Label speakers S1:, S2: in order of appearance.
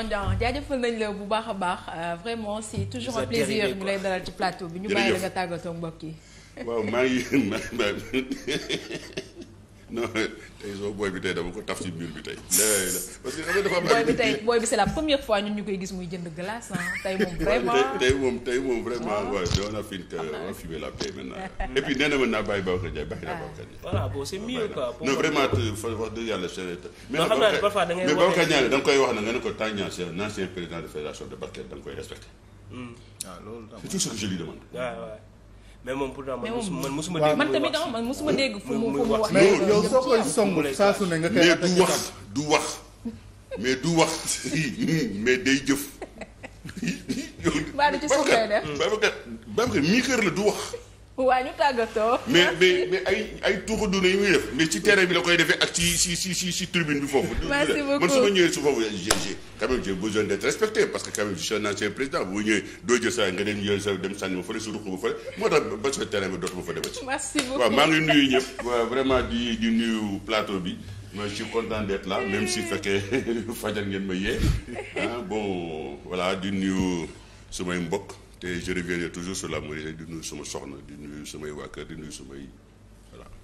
S1: Mandiang jaajëfal nañ la bu baax a baax euh, vraiment c'est toujours un plaisir ñu lay dalal ci plateau bi ñu bàyyi la nga tàggatoo mbokk yi waaw maa ngi no tey soo booy bi tey dama ko taf ci mur bi tey. parce que xam ñu koy gis muy jënd glace ah tey moom tey moom tey moom vraiment ah. waaw fa wax dëgg yàlla c'est mais Babacar Ndiaye da nga koy wax na nga ne ko Tandian c'est un ancien président de fédération de basket da koy respecté. Hmm. Ah, mais moom pourtant man mosuma man mosuma dégg. man tamit man mosuma dégg fu mu fu mu wax. mais yow soo koy song saa su ne nga koy mais du wax du wax mais du wax mais day jëf. waa da ci suuf lay def. Babacar Babacar mii kër la du wax. waa ñu tàggatoo. mais mais mais ay ay tuuxu duna yi muy def mais ci terrain bi la koy defee ak ci ci ci ci ci tribune bi foofu. merci euh, beaucoup man su ma ñëwee su foofu j'ai j'ai quand même j'ai besoin d'être respecté parce que quand même je suis un ancien président bu ñëwee doo jël sa nga dem jël sa dem sànni ma fële su ruq ma fële moo tax ba sa terrain bi dootuma fa demati. merci beaucoup waaw maa ngi nuyu ñëpp. waaw vraiment di di nuyu plateau bi. moi je suis content d'être là même si fekkee fajal ngeen ma yee ah bon voilà di nuyu sumay mbokk. te je reviendrai toujours sur la modalité di nuyu sama soxna di nuyu samay waa kër di nuyu samay voilà